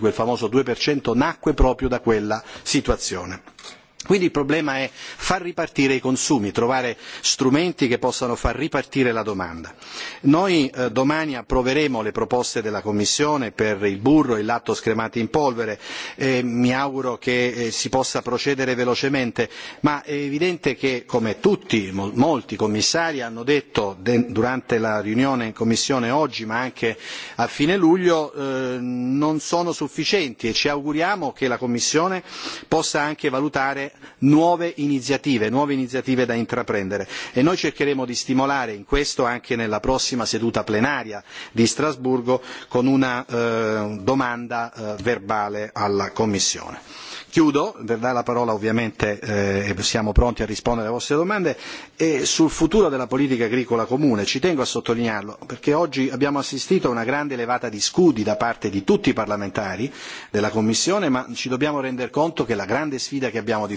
quel famoso 2% nacque proprio da quella situazione. Quindi il problema è far ripartire i consumi, trovare strumenti che possano far ripartire la domanda. Noi domani approveremo le proposte della Commissione per il burro e il latte scremato in polvere e mi auguro che si possa procedere velocemente, ma è evidente che, come tutti, molti commissari hanno detto durante la riunione in Commissione oggi, ma anche a fine luglio, non sono sufficienti e ci auguriamo che la Commissione possa anche valutare nuove iniziative nuove iniziative da intraprendere e noi cercheremo di stimolare in questo anche nella prossima seduta plenaria di Strasburgo con una domanda verbale alla commissione chiudo verrà la parola ovviamente e siamo pronti a rispondere alle vostre domande e sul futuro della politica agricola comune ci tengo a sottolinearlo perché oggi abbiamo assistito a una grande levata di scudi da parte di tutti i parlamentari della commissione ma ci dobbiamo rendere conto che la grande sfida che abbiamo di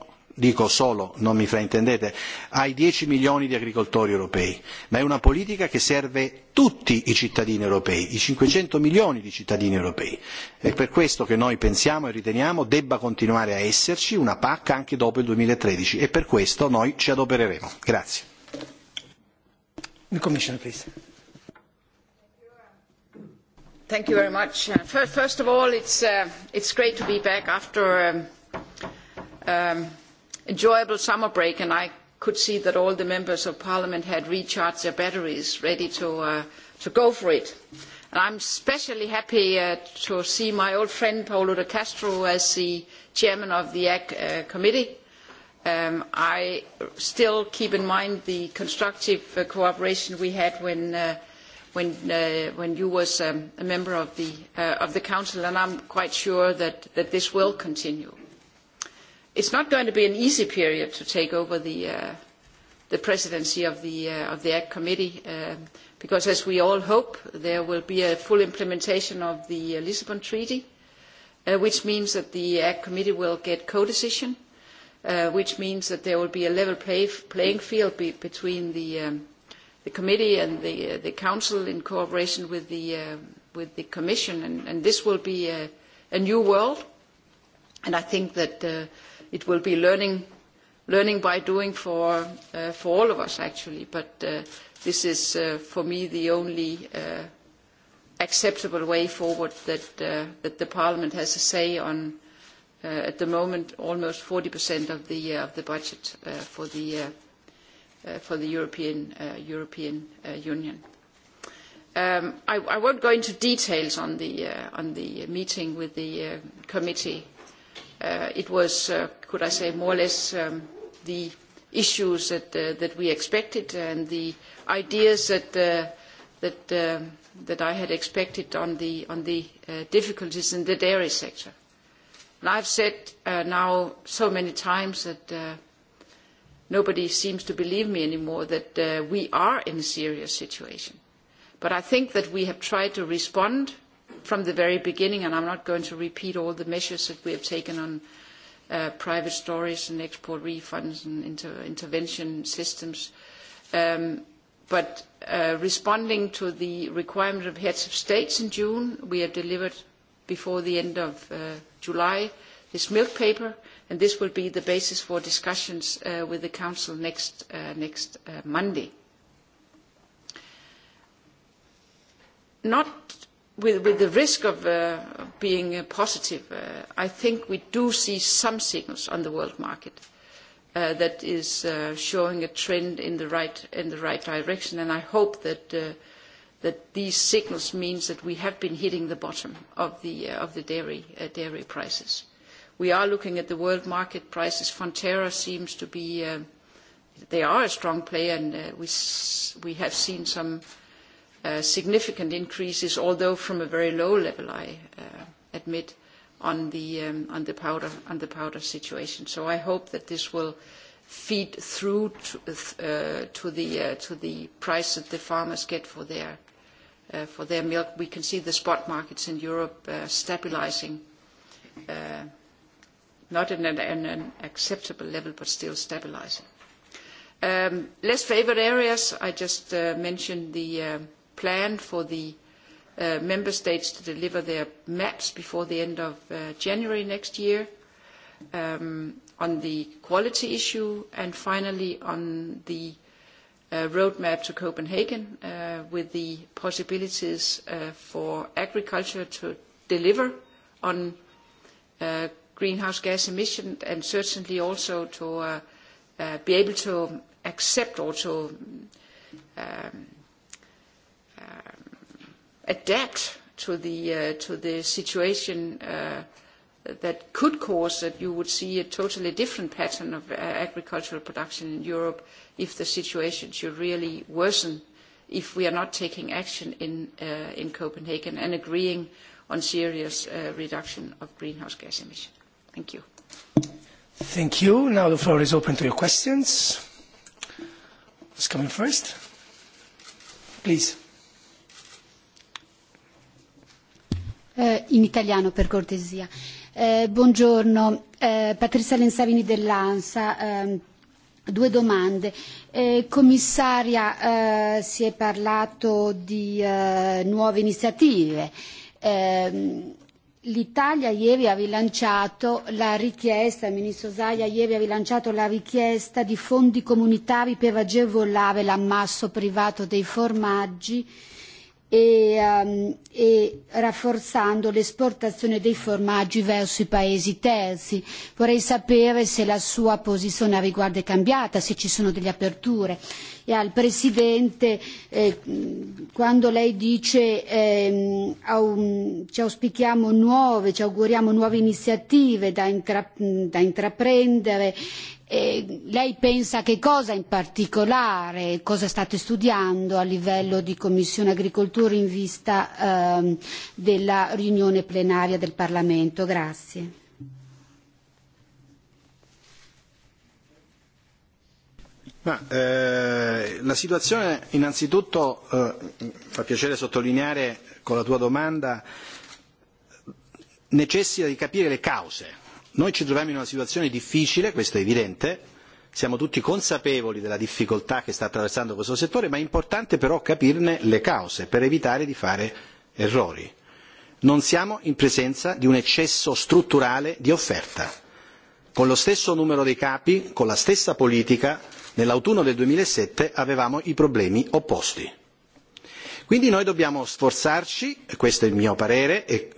dico solo non mi fraintendete ai 10 milioni di agricoltori europei ma è una politica che serve tutti i cittadini europei i 500 milioni di cittadini europei è per questo che noi pensiamo e riteniamo debba continuare a esserci una PAC anche dopo il 2013 e per questo noi ci adopereremo grazie enjoyable summer break, and I could see that all the members of Parliament had recharged their batteries, ready to go for it. And I'm especially happy to see my old friend Paolo de Castro as the chairman of the AG committee. I still keep in mind the constructive cooperation we had when you was a member of the Council, and I'm quite sure that this will continue. It's not going to be an easy period to take over the presidency of the ACT Committee, because as we all hope, there will be a full implementation of the Lisbon Treaty, which means that the ACT Committee will get co-decision, which means that there will be a level playing field between the Committee and the Council in cooperation with the Commission, and this will be a new world, and I think that it will be learning by doing for for all of us actually but this is for me the only acceptable way forward that the parliament has a say on at the moment almost 40% of the of the budget for the for the European European Union I won't go into details on the on the meeting with the committee It was, could I say, more or less the issues that we expected and the ideas that I had expected on the difficulties in the dairy sector. I have said now so many times that nobody seems to believe me anymore that we are in a serious situation. But I think that we have tried to respond from the very beginning, and I'm not going to repeat all the measures that we have taken on private storage and export refunds and intervention systems. But responding to the requirement of heads of states in June, we have delivered before the end of July this milk paper, and this will be the basis for discussions with the Council next Monday. Not with the risk of being positive, I think we do see some signals on the world market that is showing a trend in the right direction, and I hope that these signals means that we have been hitting the bottom of the dairy prices. We are looking at the world market prices. Fonterra seems to be, they are a strong player, and we have seen some significant increases, although from a very low level, I admit, on the powder situation. So I hope that this will feed through to the price that the farmers get for their milk. We can see the spot markets in Europe stabilizing, not at an acceptable level, but still stabilizing. Less favored areas, I just mentioned the plan for the member states to deliver their maps before the end of January next year, on the quality issue, and finally on the roadmap to Copenhagen with the possibilities for agriculture to deliver on greenhouse gas emissions and certainly also to be able to accept or to adapt to the situation that could cause that you would see a totally different pattern of agricultural production in Europe if the situation should really worsen if we are not taking action in Copenhagen and agreeing on serious reduction of greenhouse gas emissions. Thank you. Thank you. Now the floor is open to your questions. Who's coming first? Please. in italiano per cortesia. Buongiorno, Patrizia Lensavini dell'ANSA. Due domande. Commissaria, si è parlato di nuove iniziative. L'Italia ieri ha rilanciato la richiesta, il ministro Zaia ieri ha rilanciato la richiesta di fondi comunitari per agevolare l'ammasso privato dei formaggi e rafforzando l'esportazione dei formaggi verso i paesi terzi. Vorrei sapere se la sua posizione a riguardo è cambiata, se ci sono delle aperture. E al Presidente, quando lei dice ci auspichiamo nuove, ci auguriamo nuove iniziative da intraprendere lei pensa che cosa in particolare cosa state studiando a livello di commissione agricoltura in vista della riunione plenaria del parlamento grazie la situazione innanzitutto fa piacere sottolineare con la tua domanda necessita di capire le cause Noi ci troviamo in una situazione difficile, questo è evidente, siamo tutti consapevoli della difficoltà che sta attraversando questo settore, ma è importante però capirne le cause per evitare di fare errori. Non siamo in presenza di un eccesso strutturale di offerta. Con lo stesso numero dei capi, con la stessa politica, nell'autunno del 2007 avevamo i problemi opposti. Quindi noi dobbiamo sforzarci, questo è il mio parere, e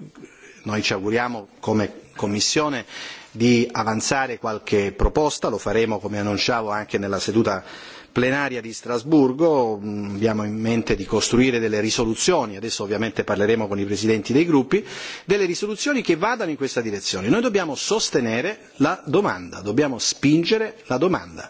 noi ci auguriamo come Commissione di avanzare qualche proposta, lo faremo come annunciavo anche nella seduta plenaria di Strasburgo, abbiamo in mente di costruire delle risoluzioni, adesso ovviamente parleremo con i presidenti dei gruppi, delle risoluzioni che vadano in questa direzione. Noi dobbiamo sostenere la domanda, dobbiamo spingere la domanda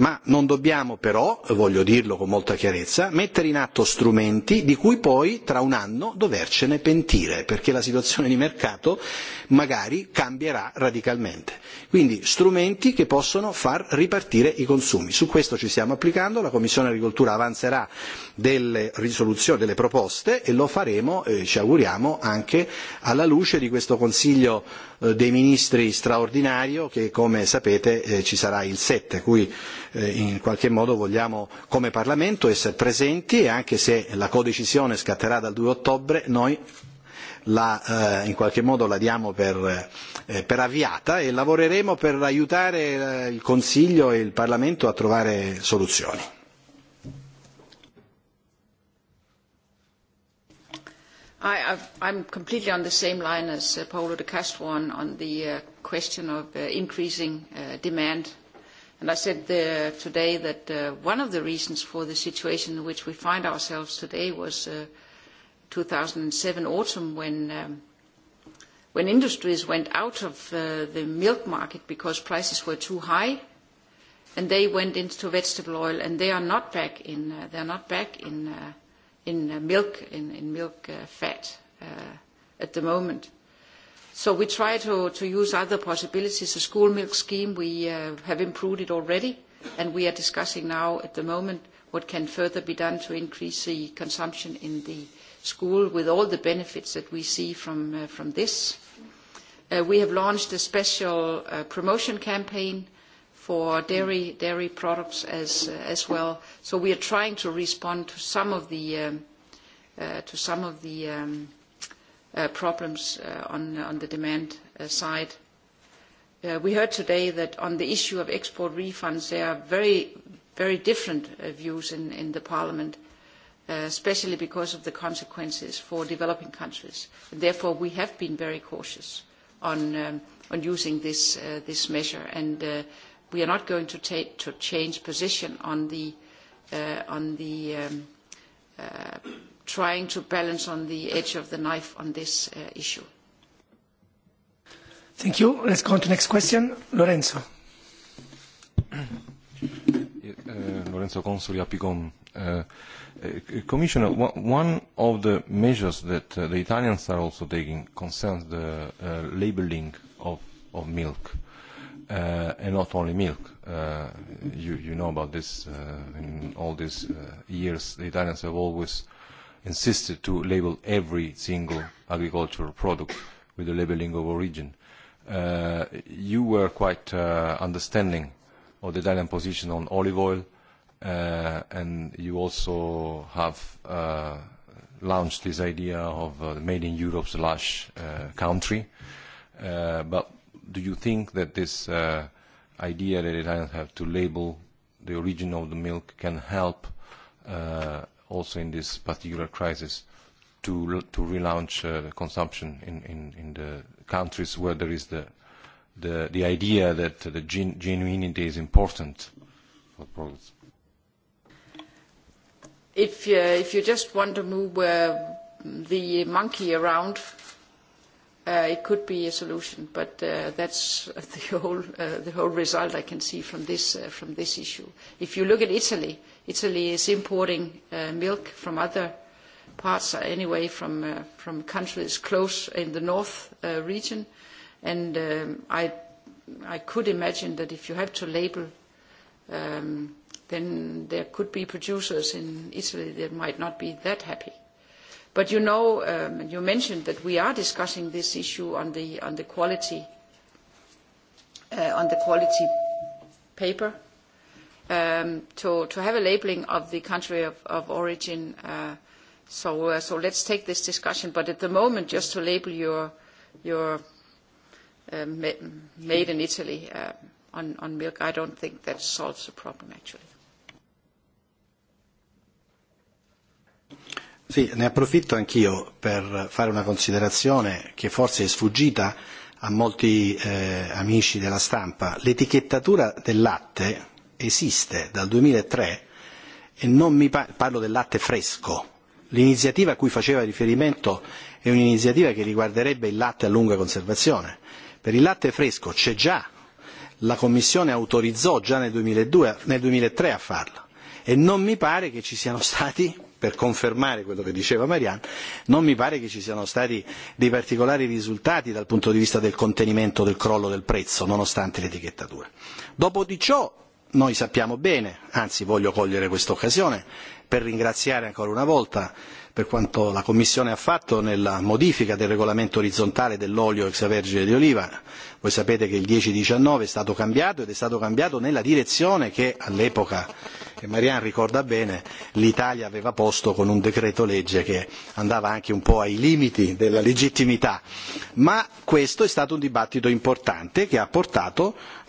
ma non dobbiamo però voglio dirlo con molta chiarezza mettere in atto strumenti di cui poi tra un anno dovercene pentire perché la situazione di mercato magari cambierà radicalmente quindi strumenti che possono far ripartire i consumi su questo ci stiamo applicando la commissione agricoltura avanzerà delle risoluzioni delle proposte e lo faremo ci auguriamo anche alla luce di questo consiglio dei ministri straordinario che come sapete ci sarà il 7 cui in qualche modo vogliamo come Parlamento essere presenti e anche se la codecisione scatterà dal 2 ottobre noi la in qualche modo la diamo per per avviata e lavoreremo per aiutare il Consiglio e il Parlamento a trovare soluzioni. I I'm completely on the same line as Paolo de Castro on the question of increasing demand I said today that one of the reasons for the situation in which we find ourselves today was 2007 autumn when when industries went out of the milk market because prices were too high and they went into vegetable oil and they are not back in milk in milk fat at the moment So we try to use other possibilities. The school milk scheme, we have improved it already, and we are discussing now at the moment what can further be done to increase the consumption in the school with all the benefits that we see from this. We have launched a special promotion campaign for dairy products as well. So we are trying to respond to some of the problems on the demand side. We heard today that on the issue of export refunds, there are very, very different views in the Parliament, especially because of the consequences for developing countries. Therefore, we have been very cautious on using this measure, and we are not going to change position on the trying to balance on the edge of the knife on this issue. Thank you. Let's go on to the next question. Lorenzo. Lorenzo Consoli, Apicom. Commissioner, one of the measures that the Italians are also taking concerns the labelling of milk, and not only milk. You know about this in all these years. The Italians have always insisted to label every single agricultural product with the labelling of origin. You were quite understanding of the Italian position on olive oil, and you also have launched this idea of made in Europe slash country. But do you think that this idea that Italians have to label the origin of the milk can help also in this particular crisis to to relaunch consumption in in in the countries where there is the the the idea that the genuinity is important for products if if you just want to move the monkey around It could be a solution, but that's the whole result I can see from this issue. If you look at Italy, Italy is importing milk from other parts, anyway, from countries close in the north region, and I could imagine that if you have to label, then there could be producers in Italy that might not be that happy But you know, you mentioned that we are discussing this issue on the quality paper. To have a labelling of the country of origin, so let's take this discussion. But at the moment, just to label your made in Italy on milk, I don't think that solves the problem actually. Sì, ne approfitto anch'io per fare una considerazione che forse è sfuggita a molti amici della stampa. L'etichettatura del latte esiste dal 2003 e non mi parlo del latte fresco. L'iniziativa a cui faceva riferimento è un'iniziativa che riguarderebbe il latte a lunga conservazione. Per il latte fresco c'è già, la Commissione autorizzò già nel nel 2003 a farlo e non mi pare che ci siano stati per confermare quello che diceva Marianne, non mi pare che ci siano stati dei particolari risultati dal punto di vista del contenimento del crollo del prezzo, nonostante l'etichettatura. Dopo di ciò noi sappiamo bene, anzi voglio cogliere questa occasione per ringraziare ancora una volta per quanto la Commissione ha fatto nella modifica del regolamento orizzontale dell'olio extravergine di oliva. Voi sapete che il 10 è stato cambiato ed è stato cambiato nella direzione che all'epoca, e Marianne ricorda bene, l'Italia aveva posto con un decreto legge che andava anche un po' ai limiti della legittimità. Ma questo è stato un dibattito importante che ha portato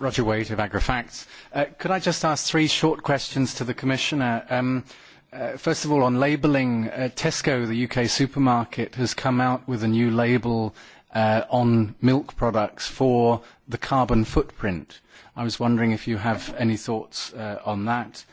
Roger Waite of AgriFacts. Could I just ask three short questions to the Commissioner? First of all, on labelling, Tesco, the UK supermarket, has come out with a new label on milk products for the carbon footprint. I was wondering if you have any thoughts on that.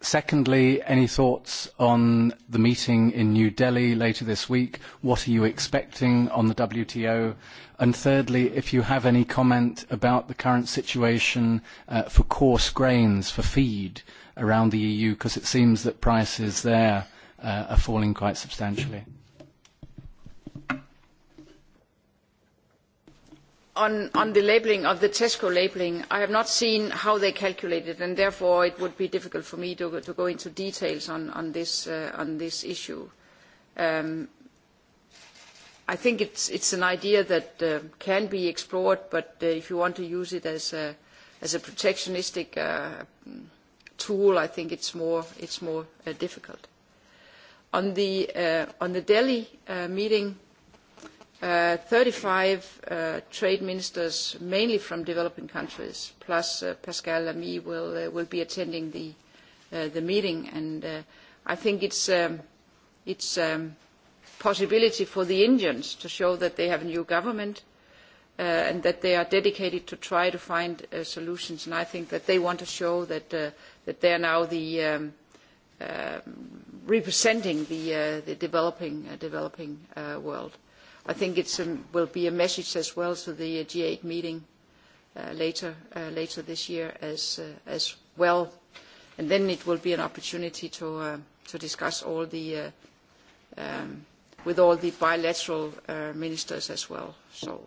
Secondly, any thoughts on the meeting in New Delhi later this week? What are you expecting on the WTO? And thirdly, if you have any comment about the current situation for coarse grains, for feed around the EU, because it seems that prices there are falling quite substantially. On the labelling of the Tesco labelling, I have not seen how they calculate it, and therefore it would be difficult for me to go into details on this issue. I think it's an idea that can be explored, but if you want to use it as a protectionistic tool, I think it's more difficult. On the Delhi meeting 35 trade ministers, mainly from developing countries, plus Pascal Lamy will be attending the meeting. And I think it's a possibility for the Indians to show that they have a new government and that they are dedicated to try to find solutions. And I think that they want to show that they are now the representing the developing world. I think it will be a message as well to the G8 meeting later this year as well. And then it will be an opportunity to discuss all the with all the bilateral ministers as well. So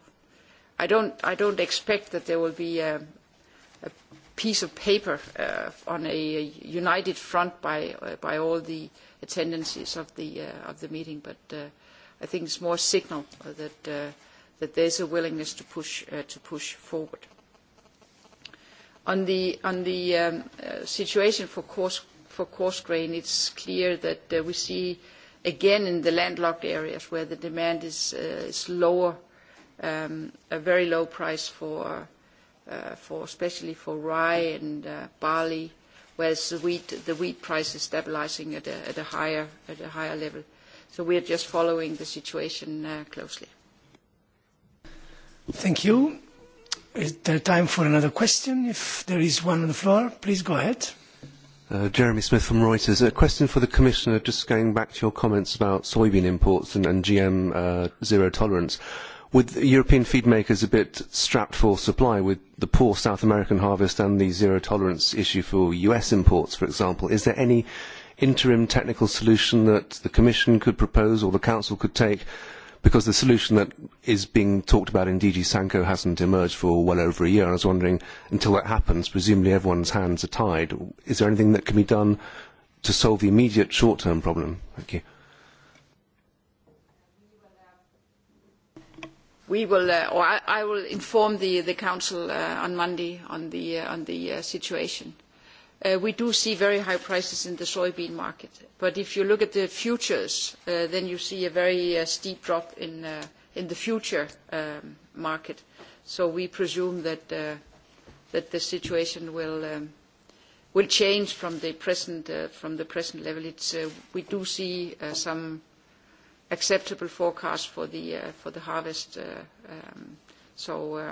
I don't expect that there will be a piece of paper on a united front by all the attendances of the meeting, but I think it's more a signal that there is a willingness to push forward. On the situation for coarse for coarse grain, it's clear that we see again in the landlocked areas where the demand is lower, a very low price for especially for rye and barley, whereas the wheat price is stabilising at a higher level. So we are just following the situation closely. Thank you. Is there time for another question? If there is one on the floor, please go ahead. Jeremy Smith from Reuters. A question for the Commissioner, just going back to your comments about soybean imports and GM zero tolerance. With European feed makers a bit strapped for supply with the poor South American harvest and the zero tolerance issue for US imports, for example, is there any interim technical solution that the Commission could propose or the Council could take, because the solution that is being talked about in DG Sanko hasn't emerged for well over a year. I was wondering, until that happens, presumably everyone's hands are tied. Is there anything that can be done to solve the immediate short-term problem? Thank We will, I will inform the Council on Monday on the situation we do see very high prices in the soybean market. But if you look at the futures, then you see a very steep drop in the future market. So we presume that the situation will change from the present level. We do see some acceptable forecasts for the harvest. So